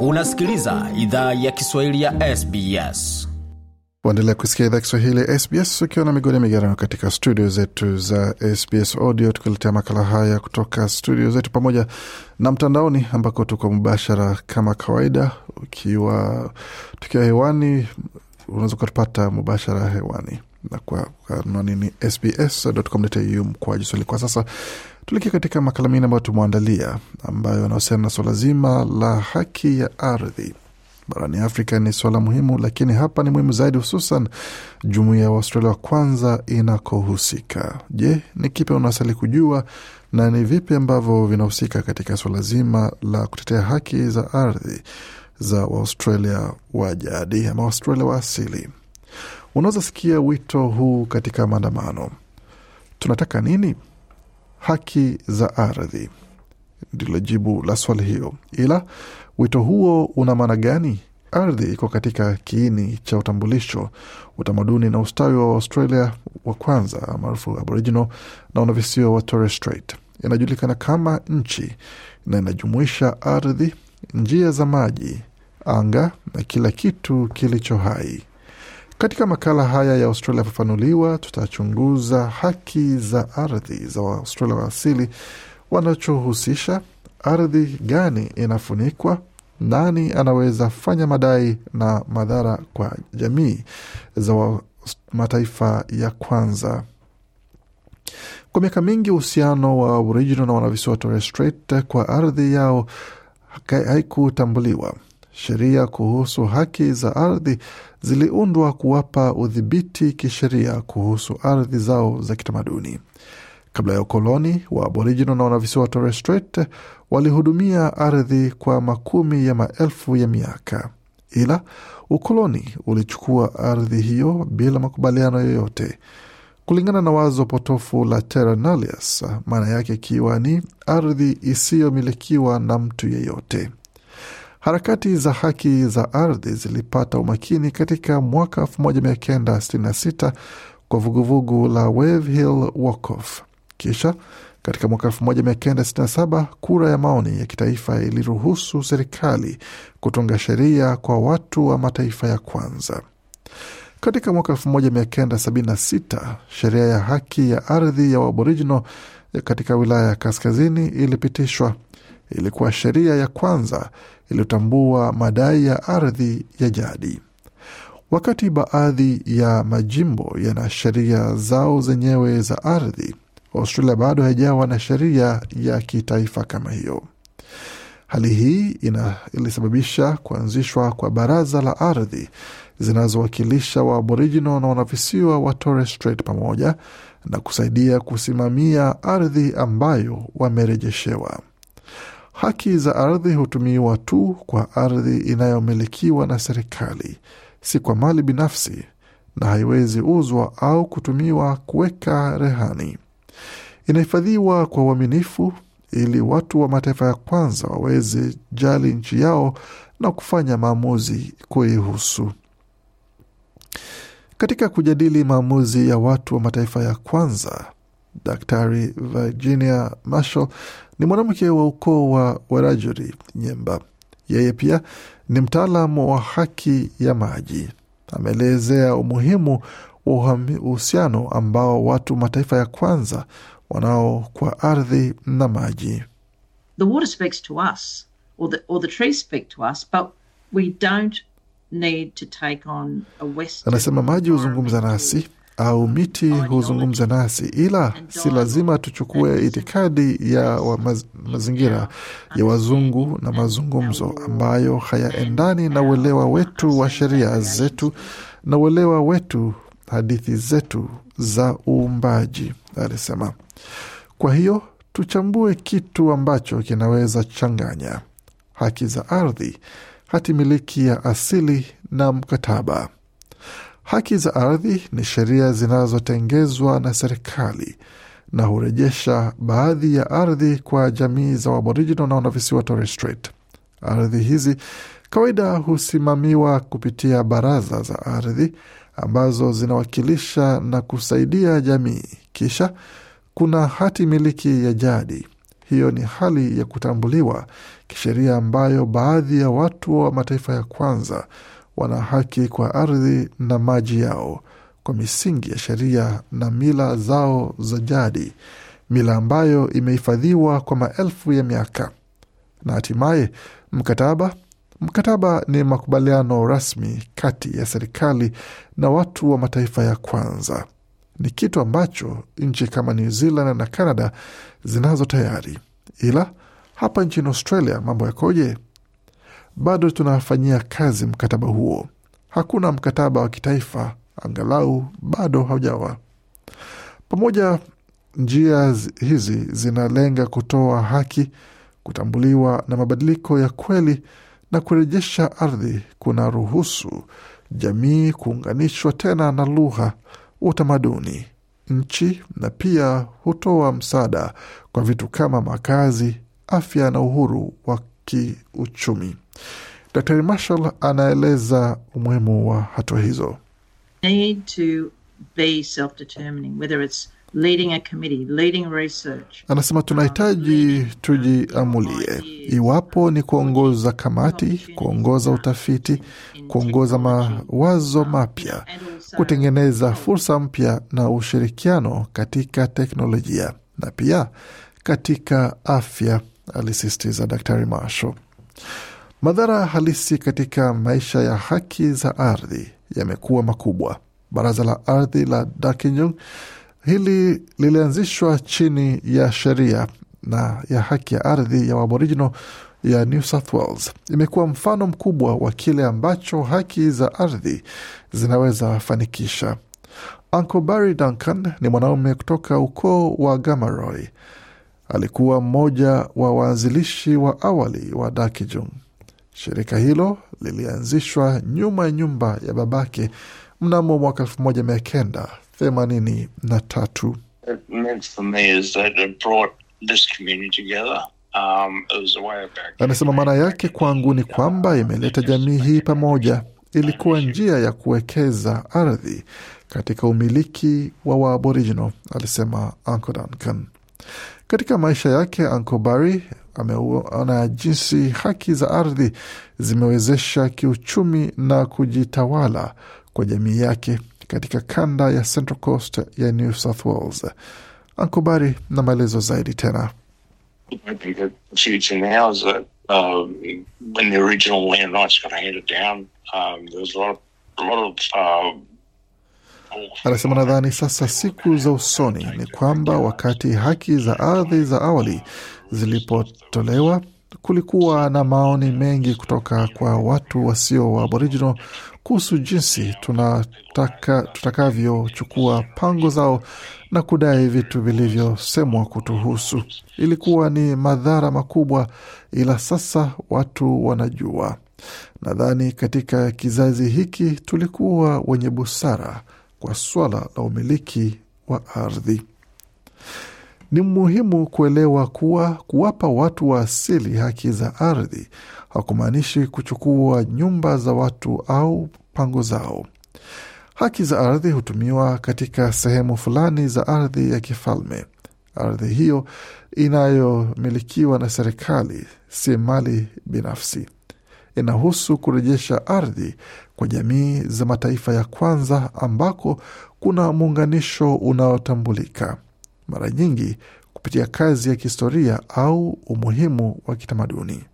Unasikiliza idhaa ya Kiswahili ya SBS. Waendelea kusikia idhaa Kiswahili ya SBS ukiwa na migodi migarano katika studio zetu za SBS Audio, tukiletea makala haya kutoka studio zetu pamoja na mtandaoni ambako tuko mubashara kama kawaida. Ukiwa tukiwa hewani, unaweza ukatupata mubashara hewani na kwa anwani ni sbs.com.au mkoaji swali. Kwa sasa tulikia katika makala mengine ambayo tumeandalia, ambayo yanahusiana na swala zima la haki ya ardhi barani Afrika. Ni swala muhimu, lakini hapa ni muhimu zaidi, hususan jumuiya ya Waustralia wa kwanza inakohusika. Je, ni kipi unasali kujua na ni vipi ambavyo vinahusika katika swala zima la kutetea haki za ardhi za Waustralia wa jadi ama Waustralia wa asili? Unaweza sikia wito huu katika maandamano. Tunataka nini? Haki za ardhi, ndilo jibu la swali hiyo. Ila wito huo una maana gani? Ardhi iko katika kiini cha utambulisho, utamaduni na ustawi wa Australia wa kwanza maarufu Aboriginal na unavisio wa Torres Strait. Inajulikana kama nchi na inajumuisha ardhi, njia za maji, anga na kila kitu kilicho hai. Katika makala haya ya Australia Fafanuliwa, tutachunguza haki za ardhi za Waaustralia wa asili wanachohusisha ardhi gani inafunikwa, nani anaweza fanya madai na madhara kwa jamii za mataifa ya kwanza. Kwa miaka mingi uhusiano wa Aboriginal na wanavisiwa Torres Strait kwa ardhi yao haikutambuliwa. Sheria kuhusu haki za ardhi ziliundwa kuwapa udhibiti kisheria kuhusu ardhi zao za kitamaduni. Kabla ya ukoloni, wa Aboriginal na wanavisiwa Torres walihudumia ardhi kwa makumi ya maelfu ya miaka, ila ukoloni ulichukua ardhi hiyo bila makubaliano yoyote, kulingana na wazo potofu la terra maana yake ikiwa ni ardhi isiyomilikiwa na mtu yeyote. Harakati za haki za ardhi zilipata umakini katika mwaka 1966 kwa vuguvugu la Wave Hill Walkoff. Kisha katika mwaka 1967 kura ya maoni ya kitaifa iliruhusu serikali kutunga sheria kwa watu wa mataifa ya kwanza. Katika mwaka 1976 sheria ya haki ya ardhi ya Aboriginal katika wilaya ya kaskazini ilipitishwa ilikuwa sheria ya kwanza iliyotambua madai ya ardhi ya jadi. Wakati baadhi ya majimbo yana sheria zao zenyewe za ardhi, Australia bado haijawa na sheria ya kitaifa kama hiyo. Hali hii ina, ilisababisha kuanzishwa kwa baraza la ardhi zinazowakilisha Waaboriginal na wanavisiwa wa Torres Strait pamoja na kusaidia kusimamia ardhi ambayo wamerejeshewa. Haki za ardhi hutumiwa tu kwa ardhi inayomilikiwa na serikali, si kwa mali binafsi, na haiwezi uzwa au kutumiwa kuweka rehani. Inahifadhiwa kwa uaminifu ili watu wa mataifa ya kwanza waweze jali nchi yao na kufanya maamuzi kuihusu. Katika kujadili maamuzi ya watu wa mataifa ya kwanza, Daktari Virginia Marshall ni mwanamke wa ukoo wa Warajuri Nyemba. Yeye pia ni mtaalamu wa haki ya maji. Ameelezea umuhimu wa uhusiano ambao watu mataifa ya kwanza wanao kwa ardhi na maji. The water speaks to us, or the, or the trees speak to us, but we don't need to take on a Western. Anasema maji huzungumza nasi au miti huzungumza nasi, ila si lazima tuchukue itikadi ya wa maz mazingira ya wazungu na mazungumzo ambayo hayaendani na uelewa wetu wa sheria zetu na uelewa wetu hadithi zetu za uumbaji, alisema. Kwa hiyo tuchambue kitu ambacho kinaweza changanya haki za ardhi, hati miliki ya asili na mkataba. Haki za ardhi ni sheria zinazotengezwa na serikali na hurejesha baadhi ya ardhi kwa jamii za Aboriginal na wanavisiwa Torres Strait. Ardhi hizi kawaida husimamiwa kupitia baraza za ardhi ambazo zinawakilisha na kusaidia jamii. Kisha kuna hati miliki ya jadi. Hiyo ni hali ya kutambuliwa kisheria ambayo baadhi ya watu wa mataifa ya kwanza wana haki kwa ardhi na maji yao kwa misingi ya sheria na mila zao za jadi, mila ambayo imehifadhiwa kwa maelfu ya miaka. Na hatimaye mkataba. Mkataba ni makubaliano rasmi kati ya serikali na watu wa mataifa ya kwanza. Ni kitu ambacho nchi kama New Zealand na Canada zinazo tayari, ila hapa nchini Australia mambo yakoje? bado tunafanyia kazi mkataba huo. Hakuna mkataba wa kitaifa, angalau bado haujawa pamoja. Njia hizi zinalenga kutoa haki, kutambuliwa na mabadiliko ya kweli, na kurejesha ardhi kuna ruhusu jamii kuunganishwa tena na lugha, utamaduni, nchi na pia hutoa msaada kwa vitu kama makazi, afya na uhuru wa kiuchumi. Daktari Marshall anaeleza umuhimu wa hatua hizo. Need to be self-determining whether it's leading a committee, leading research. Anasema tunahitaji tujiamulie iwapo ni kuongoza kamati, kuongoza utafiti, kuongoza mawazo mapya, kutengeneza fursa mpya na ushirikiano katika teknolojia na pia katika afya, alisisitiza dr Marshall. Madhara halisi katika maisha ya haki za ardhi yamekuwa makubwa. Baraza la ardhi la Darkinyung hili lilianzishwa chini ya sheria na ya haki ya ardhi ya Waborijino ya New South Wales imekuwa mfano mkubwa wa kile ambacho haki za ardhi zinaweza fanikisha. Uncle Barry Duncan ni mwanaume kutoka ukoo wa Gamaroy. Alikuwa mmoja wa waanzilishi wa awali wa Darkijung. Shirika hilo lilianzishwa nyuma ya nyumba ya babake mnamo mwaka elfu moja mia kenda themanini na tatu. Um, Anasema maana yake kwangu ni kwamba imeleta jamii hii pamoja. Ilikuwa njia ya kuwekeza ardhi katika umiliki wa Waaboriginal, alisema Uncle Duncan. Katika maisha yake Uncle Barry ameona jinsi haki za ardhi zimewezesha kiuchumi na kujitawala kwa jamii yake katika kanda ya Central Coast ya New South Wales. Ankobari na maelezo zaidi tena um, um, um, Anasema nadhani sasa siku za usoni ni kwamba wakati haki za ardhi za awali zilipotolewa, kulikuwa na maoni mengi kutoka kwa watu wasio wa Aboriginal kuhusu jinsi tunataka tutakavyochukua pango zao na kudai vitu vilivyosemwa kutuhusu. Ilikuwa ni madhara makubwa, ila sasa watu wanajua. Nadhani katika kizazi hiki tulikuwa wenye busara kwa swala la umiliki wa ardhi. Ni muhimu kuelewa kuwa kuwapa watu wa asili haki za ardhi hakumaanishi kuchukua nyumba za watu au pango zao. Haki za ardhi hutumiwa katika sehemu fulani za ardhi ya kifalme. Ardhi hiyo inayomilikiwa na serikali si mali binafsi. Inahusu kurejesha ardhi kwa jamii za mataifa ya kwanza ambako kuna muunganisho unaotambulika mara nyingi kupitia kazi ya kihistoria au umuhimu wa kitamaduni.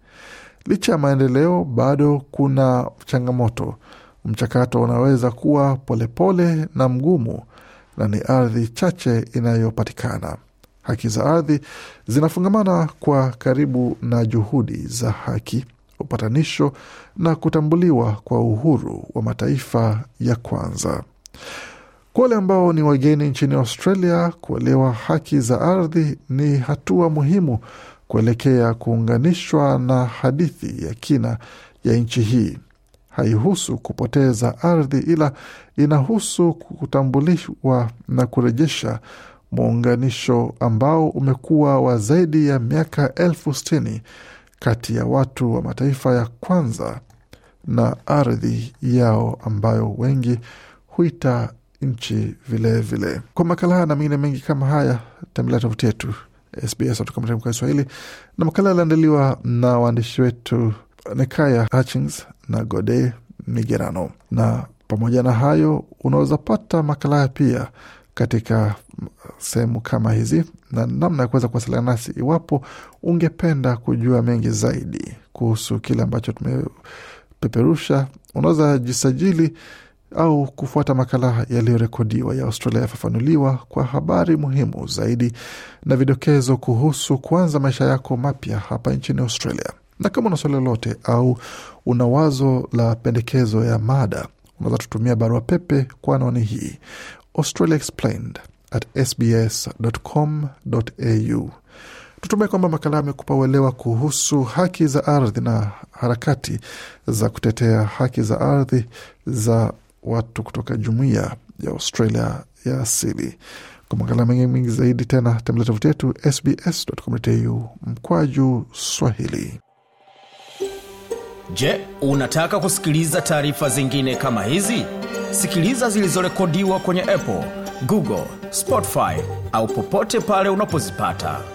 Licha ya maendeleo, bado kuna changamoto. Mchakato unaweza kuwa polepole pole na mgumu, na ni ardhi chache inayopatikana. Haki za ardhi zinafungamana kwa karibu na juhudi za haki, upatanisho na kutambuliwa kwa uhuru wa mataifa ya kwanza. Kwa wale ambao ni wageni nchini Australia, kuelewa haki za ardhi ni hatua muhimu kuelekea kuunganishwa na hadithi ya kina ya nchi hii. Haihusu kupoteza ardhi, ila inahusu kutambuliwa na kurejesha muunganisho ambao umekuwa wa zaidi ya miaka elfu sitini kati ya watu wa mataifa ya kwanza na ardhi yao ambayo wengi huita nchi vilevile Kwa makala haya na mengine mengi kama haya, tembelea tovuti yetu sbs.com Kiswahili, na makala yaliandaliwa na waandishi wetu Nekaya Hutchings na Gode Migerano, na pamoja na hayo unaweza pata makala haya pia katika sehemu kama hizi na namna ya kuweza kuwasiliana nasi iwapo ungependa kujua mengi zaidi kuhusu kile ambacho tumepeperusha. Unaweza jisajili au kufuata makala yaliyorekodiwa ya Australia yafafanuliwa kwa habari muhimu zaidi na vidokezo kuhusu kuanza maisha yako mapya hapa nchini Australia. Na kama una swali lolote au una wazo la pendekezo ya mada, unaweza tutumia barua pepe kwa anwani hii Australia Explained at sbs.com.au. Tutumai kwamba makala amekupa uelewa kuhusu haki za ardhi na harakati za kutetea haki za ardhi za watu kutoka jumuiya ya Australia ya asili. Kwa makala mengi zaidi tena tembelea tovuti yetu sbs.com.au mkwaju Swahili. Je, unataka kusikiliza taarifa zingine kama hizi? Sikiliza zilizorekodiwa kwenye Apple, Google, Spotify au popote pale unapozipata.